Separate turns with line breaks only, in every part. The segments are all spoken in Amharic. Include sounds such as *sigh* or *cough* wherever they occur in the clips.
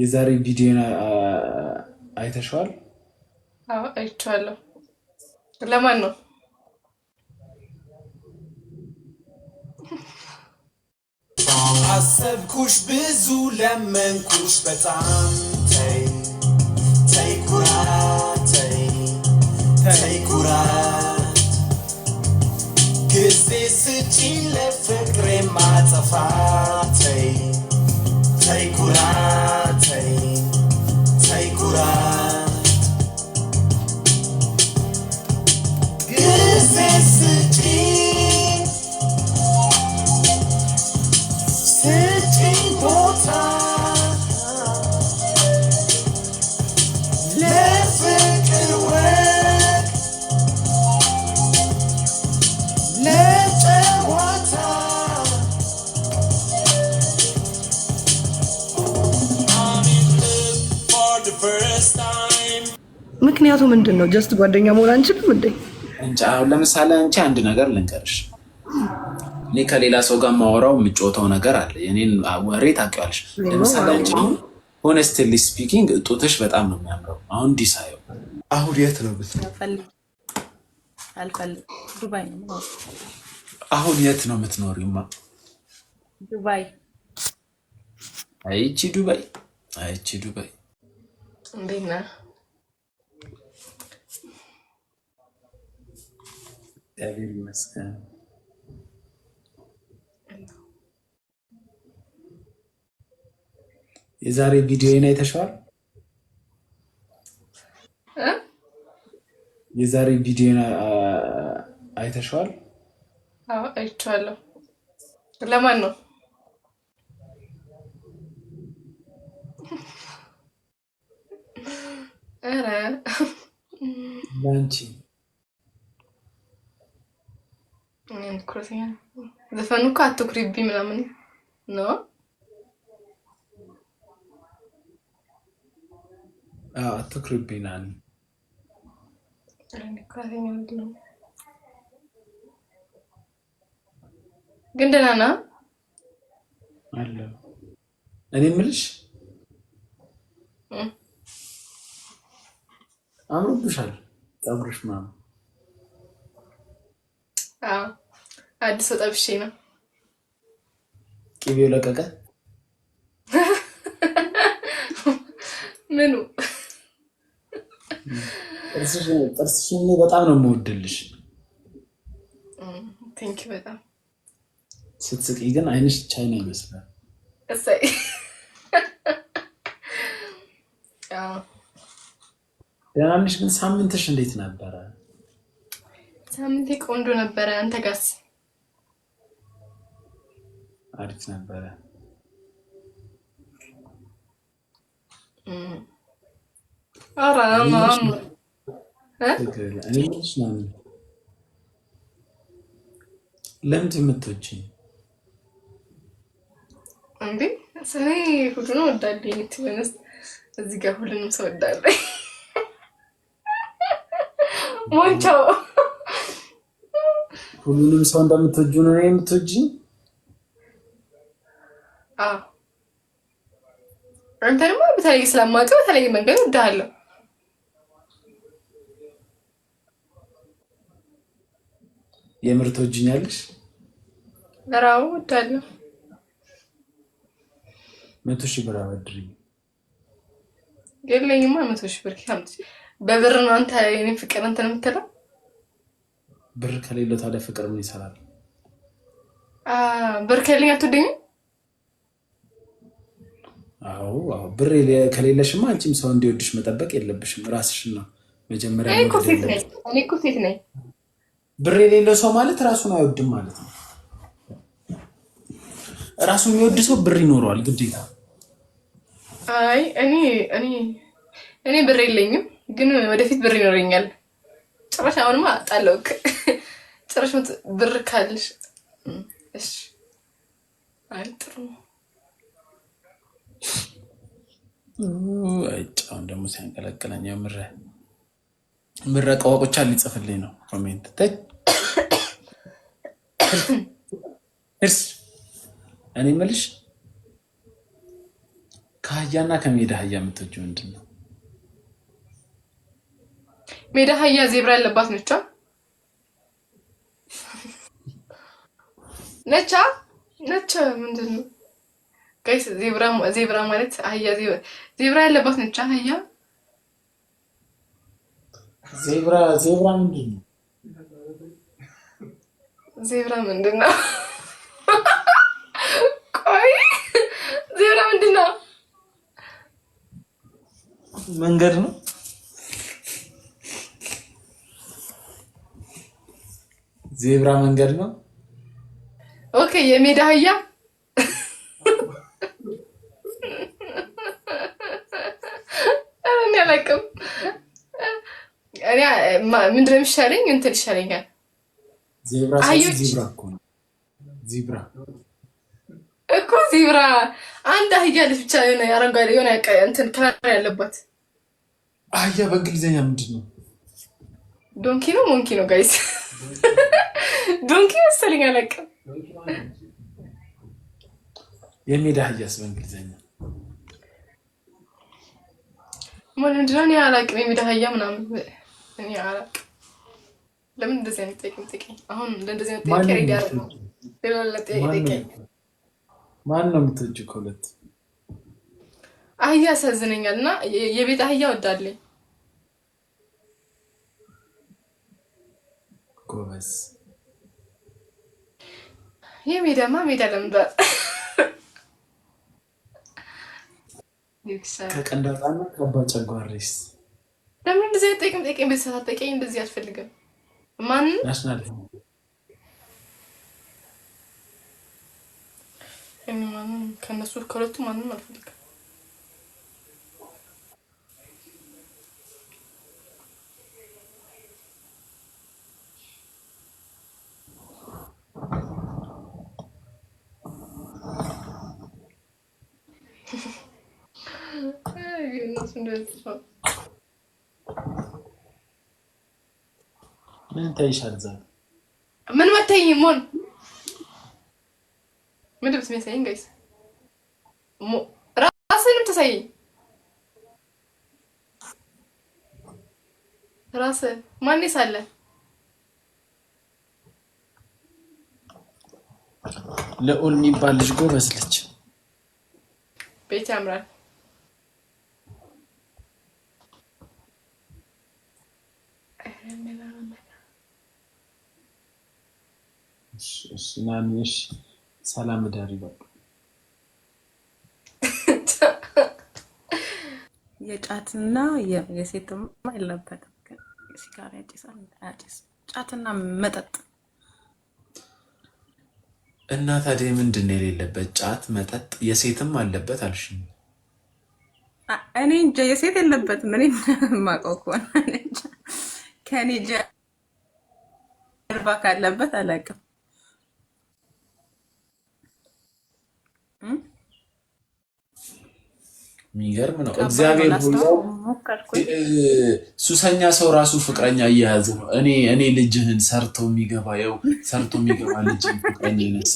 የዛሬ ቪዲዮን አይተሸዋል?
አይቸዋለሁ? ለማን ነው? አሰብኩሽ፣ ብዙ ለመንኩሽ፣ በጣም ተይ ኩራት ጊዜ ስጪኝ ለፍቅሬ ማጠፋ ተይ ኩራት say ምክንያቱ ምንድን ነው? ጀስት ጓደኛ መሆን አንችልም እንዴ?
ለምሳሌ አንቺ አንድ ነገር ልንገርሽ። እኔ ከሌላ ሰው ጋር ማወራው የምጮተው ነገር አለ። የኔን ወሬ ታውቂዋለሽ። ለምሳሌ አንቺ አሁን ሆነስትሊ ስፒኪንግ እጡትሽ በጣም ነው የሚያምረው። አሁን ዲሳየው አሁን የት ነው ብት አሁን የት ነው የምትኖሪውማ? ዱባይ። አይቺ ዱባይ፣ አይቺ ዱባይ እንዴት ነህ? እግዚአብሔር ይመስገን። የዛሬ ቪዲዮን አይተሽዋል? የዛሬ ቪዲዮን አይተሽዋል?
አይቼዋለሁ። ለማን ነው? ኧረ ለአንቺ ኩረተኛ ዘፈኑ እኮ አትኩሪቢ ምናምን ነው።
አትኩሪቢ ናን ግን ደህና አለ። እኔ አምሮብሻል፣ ፀጉርሽ ምናምን
አዲስ ጠብሼ ነው። ቅቤው ለቀቀ። ምኑ
ጥርስሽን በጣም ነው የምወድልሽ። ቴንኪ በጣም ስትስቂ ግን አይንሽ ቻይና ይመስላል። እሰይ ደህና ነሽ? ግን ሳምንትሽ እንዴት ነበረ?
ሳምንቴ ቆንጆ ነበረ። አንተ ጋስ
አሪፍ ነበረ። ለምንድን የምትወጪኝ?
እንዴ እኔ ሁሉን ወዳለኝ ትበነስ እዚህ ጋር ሁሉንም ሰው ወዳለኝ ሞንቻው
ሁሉንም ሰው እንደምትወጂው ነው የምትወጂኝ
አንተ ደግሞ በተለይ ስለማውቀው በተለይ መንገድ እወድሃለሁ።
የምር ትወጂኛለሽ?
ራው እወድሃለሁ።
መቶ ሺህ ብር አበድሪኝ።
የለኝማ መቶ ሺህ ብር ከምት በብር ነው አንተ የኔን ፍቅር እንትን የምትለው።
ብር ከሌለ ታዲያ ፍቅር ምን ይሰራል?
ብር ከሌለኝ አትወደኝም?
አዎ አዎ፣ ብር ከሌለሽማ አንቺም ሰው እንዲወድሽ መጠበቅ የለብሽም። ራስሽን ነው
መጀመሪያ። እኔ እኮ ሴት ነኝ።
ብር የሌለው ሰው ማለት ራሱን አይወድም ማለት ነው። ራሱ የሚወድ ሰው ብር ይኖረዋል ግዴታ።
አይ እኔ እኔ እኔ ብር የለኝም፣ ግን ወደፊት ብር ይኖረኛል። ጭራሽ አሁንማ ጣለውክ ጭራሽ ብር ካልሽ እሺ፣ አይ ጥሩ ነው
እጫውን ደግሞ ሲያንቀለቅለኝ ምረ ምረ ቀዋቆቻ ሊጽፍልኝ ነው ኮሜንት እርስ እኔ መልሽ ከአህያና ከሜዳ አህያ የምትወጂው ምንድን ነው?
ሜዳ አህያ ዜብራ ያለባት ነቻ ነቻ ነች ምንድን ነው? ቀይስ ዜብራ ማለት አህያ ዜብራ ያለባት ነች። አህያ
ዜብራ ዜብራ ምንድን ነው?
ዜብራ ምንድን ነው? ቆይ ዜብራ ምንድን ነው?
መንገድ ነው። ዜብራ መንገድ ነው።
ኦኬ የሜዳ አህያ ምንድን ነው የሚሻለኝ? እንትን ይሻለኛል። ዚብራ እኮ ዚብራ አንድ አህያ አለች ብቻ የሆነ አረንጓዴ የሆነ እንትን ከለር ያለባት
አህያ በእንግሊዝኛ ምንድን ነው?
ዶንኪ ነው ሞንኪ ነው? ጋይስ ዶንኪ መሰለኝ አላውቅም።
የሜዳ አህያስ በእንግሊዝኛ
ምንድን ነው? እኔ አላውቅም። የሜዳ አህያ ምናምን እኔ አላቅም። ለምን እንደዚህ አይነት ጥያቄ የምትጠይቀኝ? አሁን ለእንደዚህ አይነት ጥያቄ ሬዲ ያለ ነው። ሌላ ሌላ
ጠይቀኝ። ማን ነው የምትወጪ? ከሁለት
አህያ ያሳዝነኛል። እና የቤት አህያ ወዳለኝ ጎበዝ። ይህ ሜዳ ለምዷል። *laughs*
ከቀንዳጣና ከአባ ጨጓሬስ
ለምን እንደዚህ አይነት ጥያቄ መጠየቅ ቤተሰብ አትጠይቀኝ። እንደዚህ አልፈልግም። ማንም ማንም ከእነሱ ከሁለቱ ማንም አልፈልግም። እነሱ እንደዚህ
ምን ታይሻል? ዛሬ
ምን መተኝ ሞን ምን ነው የሚያሳይኝ? ጋይስ ራስንም ተሳይ ራስ ማን ይሳለ?
ልዑል የሚባል ልጅ ጎበዝ ልጅ ቤት ያምራል። ናንሽ ሰላም ዳሪ በቃ
የጫትና የሴትማ የለበትም። ሲጋራ ያጭሳል አያጭስ ጫትና መጠጥ
እና ታዲያ ምንድን ነው የሌለበት? ጫት መጠጥ የሴትም አለበት አልሽ።
እኔ እንጃ የሴት የለበት ምን ማውቀው ከሆነ ከኔ ጀርባ ካለበት አላውቅም።
የሚገርም ነው። እግዚአብሔር ሁላው ሱሰኛ ሰው ራሱ ፍቅረኛ እየያዘ ነው። እኔ እኔ ልጅህን ሰርቶ የሚገባ ው ሰርቶ የሚገባ ልጅ ፍቅረኛ ይነሳ።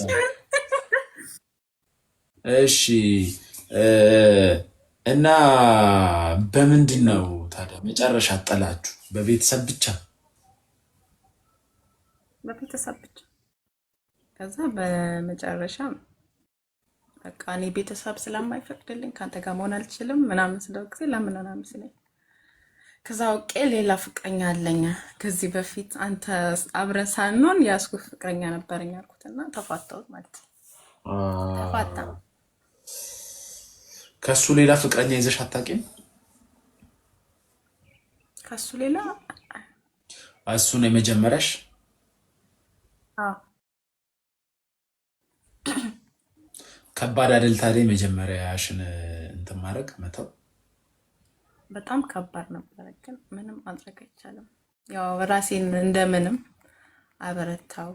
እሺ እና በምንድን ነው ታዲያ መጨረሻ ጠላችሁ? በቤተሰብ ብቻ
በቤተሰብ ብቻ ከዛ በመጨረሻ በቃ እኔ ቤተሰብ ስለማይፈቅድልኝ ከአንተ ጋር መሆን አልችልም ምናምን ስለው ጊዜ ለምን ምናምን ስለኝ ከዛ አውቄ ሌላ ፍቅረኛ አለኝ ከዚህ በፊት አንተ አብረን ሳንሆን ያስኩት ፍቅረኛ ነበረኝ አልኩትና ተፋታሁት ማለት ተፋታ።
ከሱ ሌላ ፍቅረኛ ይዘሽ አታውቂም? ከሱ ሌላ እሱ ነው የመጀመሪያሽ? ከባድ አይደል ታዲያ? መጀመሪያ ያሽን እንትን ማድረግ መተው
በጣም ከባድ ነበረ፣ ግን ምንም ማድረግ አይቻልም። ያው ራሴን እንደምንም አበረታው፣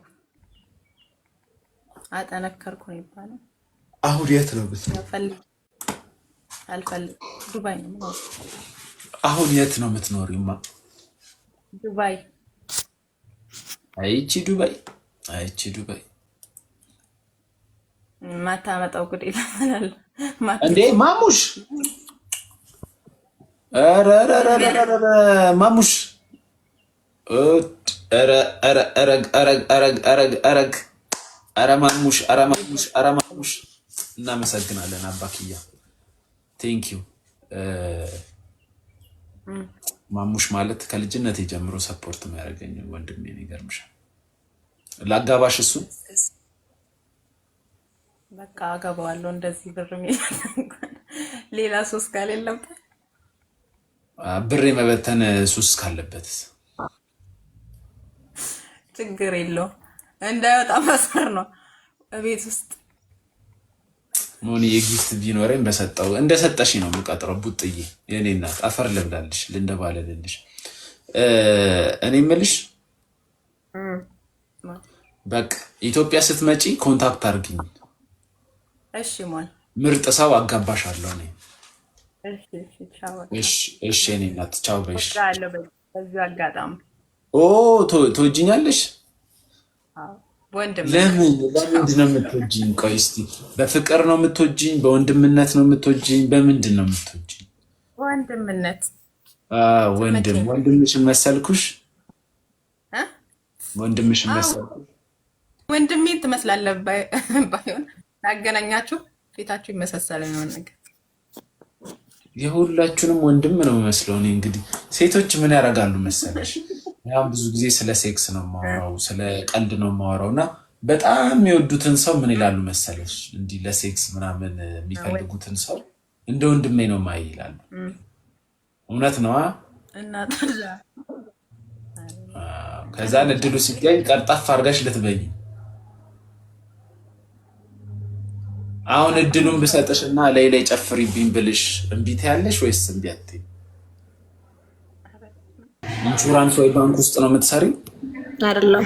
አጠነከርኩ ነው ይባላል። አሁን የት ነው አልፈልግም። ዱባይ ነው።
አሁን የት ነው የምትኖሪማ? ዱባይ። አይቺ ዱባይ አይቺ ዱባይ
ማታመጣው ጉድ ይለምናል
እንዴ ማሙሽ ማሙሽ ረረረረረረረረግ ኧረ ማሙሽ ኧረ ማሙሽ ኧረ ማሙሽ እናመሰግናለን። አባክያ ቴንክ ዩ ማሙሽ ማለት ከልጅነት ጀምሮ ሰፖርት የሚያደርገኝ ወንድሜ ይገርምሻል። ላጋባሽ እሱ
በቃ አገባዋለሁ። እንደዚህ ብር ሌላ ሱስ ከሌለበት
ብር የመበተን ሱስ ካለበት
ችግር የለውም። እንዳይወጣ መስመር ነው እቤት ውስጥ
ሞኒ የጊፍት ቢኖረኝ በሰጠው እንደ ነው የምቀጥረው። ቡጥዬ የኔ እናት አፈር ልብላልሽ፣ ልንደባለልልሽ። እኔ ምልሽ በቃ ኢትዮጵያ ስትመጪ ኮንታክት አድርግኝ። ምርጥ ሰው አጋባሻለሁ። እሺ እኔ እናት ቻው በይሽ። ትወጂኛለሽ? ለምን ለምንድን ነው የምትወጂኝ? ቆይ እስኪ በፍቅር ነው የምትወጂኝ? በወንድምነት ነው የምትወጂኝ? በምንድን ነው የምትወጂኝ?
ወንድምነት
ወንድም ወንድምሽን መሰልኩሽ? ወንድምሽን መሰልኩሽ?
ወንድሜ ትመስላለህ ባይሆን ያገናኛችሁ ፊታችሁ ይመሳሰል ነው ነገር
የሁላችሁንም ወንድም ነው የሚመስለው። እኔ እንግዲህ ሴቶች ምን ያደርጋሉ መሰለሽ፣ ያም ብዙ ጊዜ ስለ ሴክስ ነው የማወራው፣ ስለ ቀልድ ነው የማወራው እና በጣም የሚወዱትን ሰው ምን ይላሉ መሰለሽ፣ እንዲህ ለሴክስ ምናምን የሚፈልጉትን ሰው እንደ ወንድሜ ነው ማይ ይላሉ። እውነት ነዋ። ከዛን እድሉ ሲገኝ ቀርጣፍ አድርጋሽ ልትበኝ አሁን እድሉን ብሰጥሽ እና ላይ ላይ ጨፍሪብኝ ብልሽ እምቢት ያለሽ ወይስ እምቢ አትይም? ኢንሹራንስ ወይ ባንክ ውስጥ ነው የምትሰሪ?
አይደለም።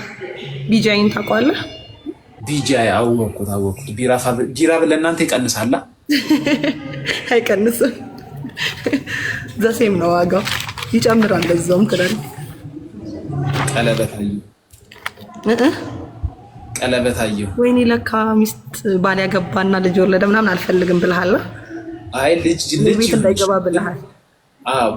ቢጃይን ታውቀዋለህ?
ቢጃይ አወቅኩ አወቅኩት። ቢራ ለእናንተ ይቀንሳላ?
*laughs* አይቀንስም። *laughs* ዘሴም ነው ዋጋው፣ ይጨምራል። ለዛውም ክላል
ቀለበት ቀለበት አየሁ።
ወይኔ ለካ ሚስት ባል ያገባና ልጅ ወለደ ምናምን አልፈልግም ብልሃል።
አይ ልጅ ልጅ
እንዳይገባ ብልሃል።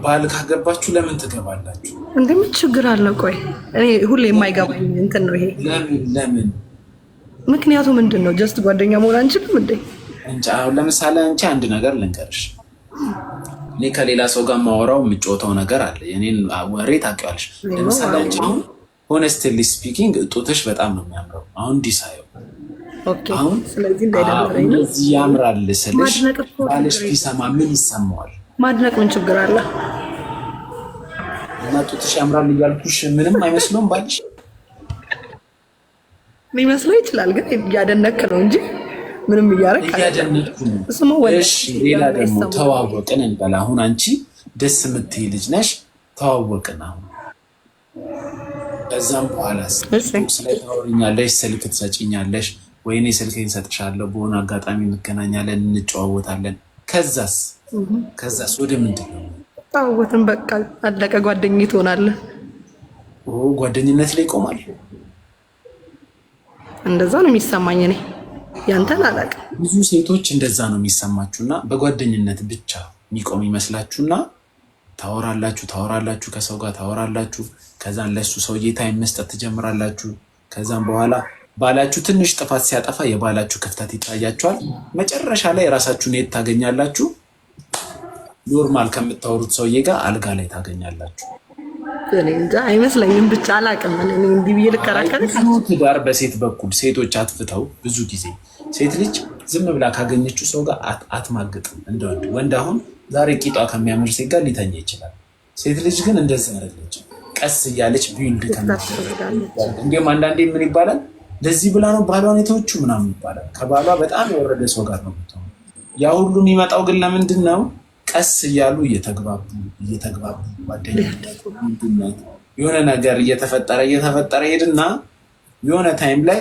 ባል ካገባችሁ ለምን ትገባላችሁ?
እንደምን ችግር አለ? ቆይ እኔ ሁሌ የማይገባኝ እንትን ነው ይሄ።
ለምን ለምን
ምክንያቱ ምንድን ነው? ጀስት ጓደኛ መሆን አንችልም እንዴ?
አሁን ለምሳሌ አንቺ አንድ ነገር ልንገርሽ። እኔ ከሌላ ሰው ጋር ማወራው የምጮተው ነገር አለ። የኔን ወሬ ታውቂዋለሽ። ለምሳሌ አንቺ ሆነስትሊ ስፒኪንግ እጦትሽ በጣም ነው የሚያምረው። አሁን ዲሳየው አሁን ያምራል ስልሽ ባልሽ ቢሰማ ምን ይሰማዋል?
ማድነቅ ምን ችግር አለ?
እና ጡትሽ ያምራል እያልኩሽ ምንም አይመስለውም ባች
ሊመስለው ይችላል፣ ግን እያደነክ ነው እንጂ ምንም እያደረክ
እያደነኩ ነው። ሌላ ደግሞ ተዋወቅን እንበል። አሁን አንቺ ደስ የምትይ ልጅ ነሽ። ተዋወቅን አሁን ከዛም በኋላ ስለታወሪኛለሽ፣ ስልክ ትሰጭኛለሽ፣ ወይኔ ስልክ እሰጥሻለሁ፣ በሆነ አጋጣሚ እንገናኛለን፣ እንጨዋወታለን። ከዛስ ከዛስ ወደ ምንድን ነው
በቃ አለቀ። ጓደኝ ትሆናለህ።
ጓደኝነት ላይ ይቆማል።
እንደዛ ነው የሚሰማኝ እኔ ያንተን አላውቅም።
ብዙ ሴቶች እንደዛ ነው የሚሰማችሁና በጓደኝነት ብቻ የሚቆም ይመስላችሁና ታወራላችሁ ታወራላችሁ፣ ከሰው ጋር ታወራላችሁ። ከዛን ለሱ ሰውዬ ታይም መስጠት ትጀምራላችሁ። ከዛም በኋላ ባላችሁ ትንሽ ጥፋት ሲያጠፋ የባላችሁ ክፍተት ይታያችኋል። መጨረሻ ላይ የራሳችሁን የት ታገኛላችሁ? ኖርማል ከምታወሩት ሰውዬ ጋር አልጋ ላይ ታገኛላችሁ።
አይመስለኝም። ብቻ አላቅም
ትዳር በሴት በኩል ሴቶች አትፍተው ብዙ ጊዜ ሴት ልጅ ዝም ብላ ካገኘችው ሰው ጋር አትማግጥም። እንደወንድ ወንድ አሁን ዛሬ ቂጧ ከሚያምር ሴት ጋር ሊተኛ ይችላል። ሴት ልጅ ግን እንደዚህ አይደለች። ቀስ እያለች ቢልድ እንዲሁም አንዳንዴ ምን ይባላል ለዚህ ብላ ነው ባሏን የተወቹ ምናምን ይባላል። ከባሏ በጣም የወረደ ሰው ጋር ነው ምትሆ ያ ሁሉ የሚመጣው ግን ለምንድን ነው? ቀስ እያሉ እየተግባቡ እየተግባቡ ጓደኛ የሆነ ነገር እየተፈጠረ እየተፈጠረ ሄድና የሆነ ታይም ላይ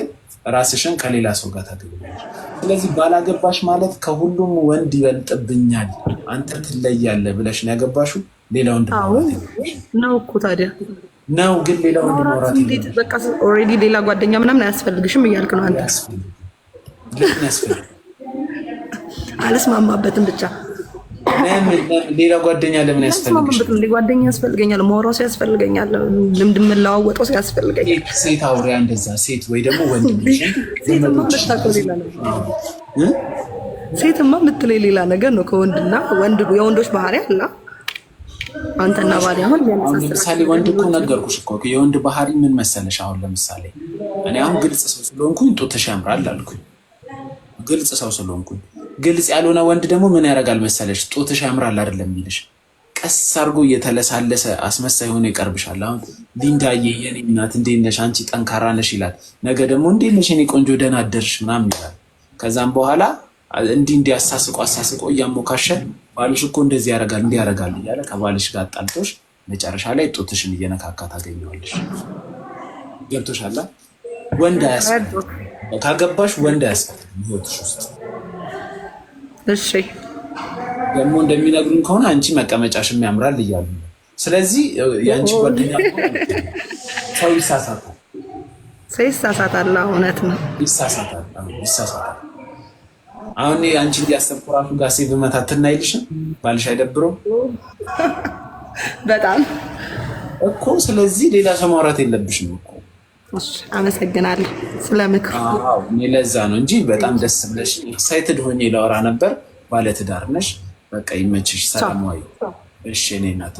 ራስሽን ከሌላ ሰው ጋር ታገኛለሽ። ስለዚህ ባላገባሽ ማለት ከሁሉም ወንድ ይበልጥብኛል፣ አንተ ትለያለህ ብለሽ ነው ያገባሽው። ሌላ ወንድ
ነው እኮ ታዲያ
ነው ግን ሌላ ወንድ
ማውራት በቃ ኦልሬዲ ሌላ ጓደኛ ምናምን አያስፈልግሽም እያልክ ነው አንተ። አልስማማበትም ብቻ
ሌላ ጓደኛ ለምን
ያስፈልግሻል? ጓደኛ ያስፈልገኛል፣ መውራው ያስፈልገኛል፣ ልምድ የምንለዋወጠው ያስፈልገኛል።
ሴት አውሪያ እንደዛ ሴት ወይ ደግሞ ወንድ
ሴትማ የምትለኝ ሌላ ነገር ነው ከወንድና ወንድ የወንዶች ባህሪ አለ አንተና አሁን
ለምሳሌ ወንድ እኮ ነገርኩሽ እኮ የወንድ ባህሪ ምን መሰለሽ? አሁን ለምሳሌ እኔ አሁን ግልጽ ሰው ስለሆንኩኝ ጡትሽ ያምራል አልኩኝ። ግልጽ ሰው ስለሆንኩኝ ግልጽ ያልሆነ ወንድ ደግሞ ምን ያደርጋል መሰለሽ? ጡትሽ ያምራል አይደለም የሚልሽ ቀስ አድርጎ እየተለሳለሰ አስመሳይ ሆኖ ይቀርብሻል። አሁን ሊንዳዬ የኔ እናት እንዴት ነሽ አንቺ ጠንካራ ነሽ ይላል። ነገ ደግሞ እንዴት ነሽ የኔ ቆንጆ ደህና አደርሽ ምናምን ይላል። ከዛም በኋላ እንዲህ እንዲህ አሳስቆ አሳስቆ እያሞካሸ ባልሽ እኮ እንደዚህ ያደርጋል እንዲህ ያደርጋል እያለ ከባልሽ ጋር አጣልጦሽ መጨረሻ ላይ ጡትሽን እየነካካ ታገኘዋለሽ። ገብቶሻል? ወንድ አያስፈልግም። ካገባሽ ወንድ አያስፈልግም ህይወትሽ ውስጥ እሺ ደግሞ እንደሚነግሩን ከሆነ አንቺ መቀመጫሽም ያምራል እያሉ ስለዚህ የአንቺ ጓደኛ ሰው ይሳሳታል።
ሰው ይሳሳታል። እውነት ነው፣
ይሳሳታል፣ ይሳሳታል። አሁን አንቺ እንዲያሰብኩ ራሱ ጋሴ ሴቭ መታትና አይልሽም? ባልሽ አይደብረው በጣም እኮ። ስለዚህ ሌላ ሰው ማውራት የለብሽም እኮ
አመሰግናለሁ ስለ ምክር።
ለዛ ነው እንጂ በጣም ደስ ብለሽ ኤክሳይትድ ሆኜ ላወራ ነበር። ባለትዳር ነሽ፣ በቃ ይመችሽ። ሰላማዊ እሺ፣ እኔ እናት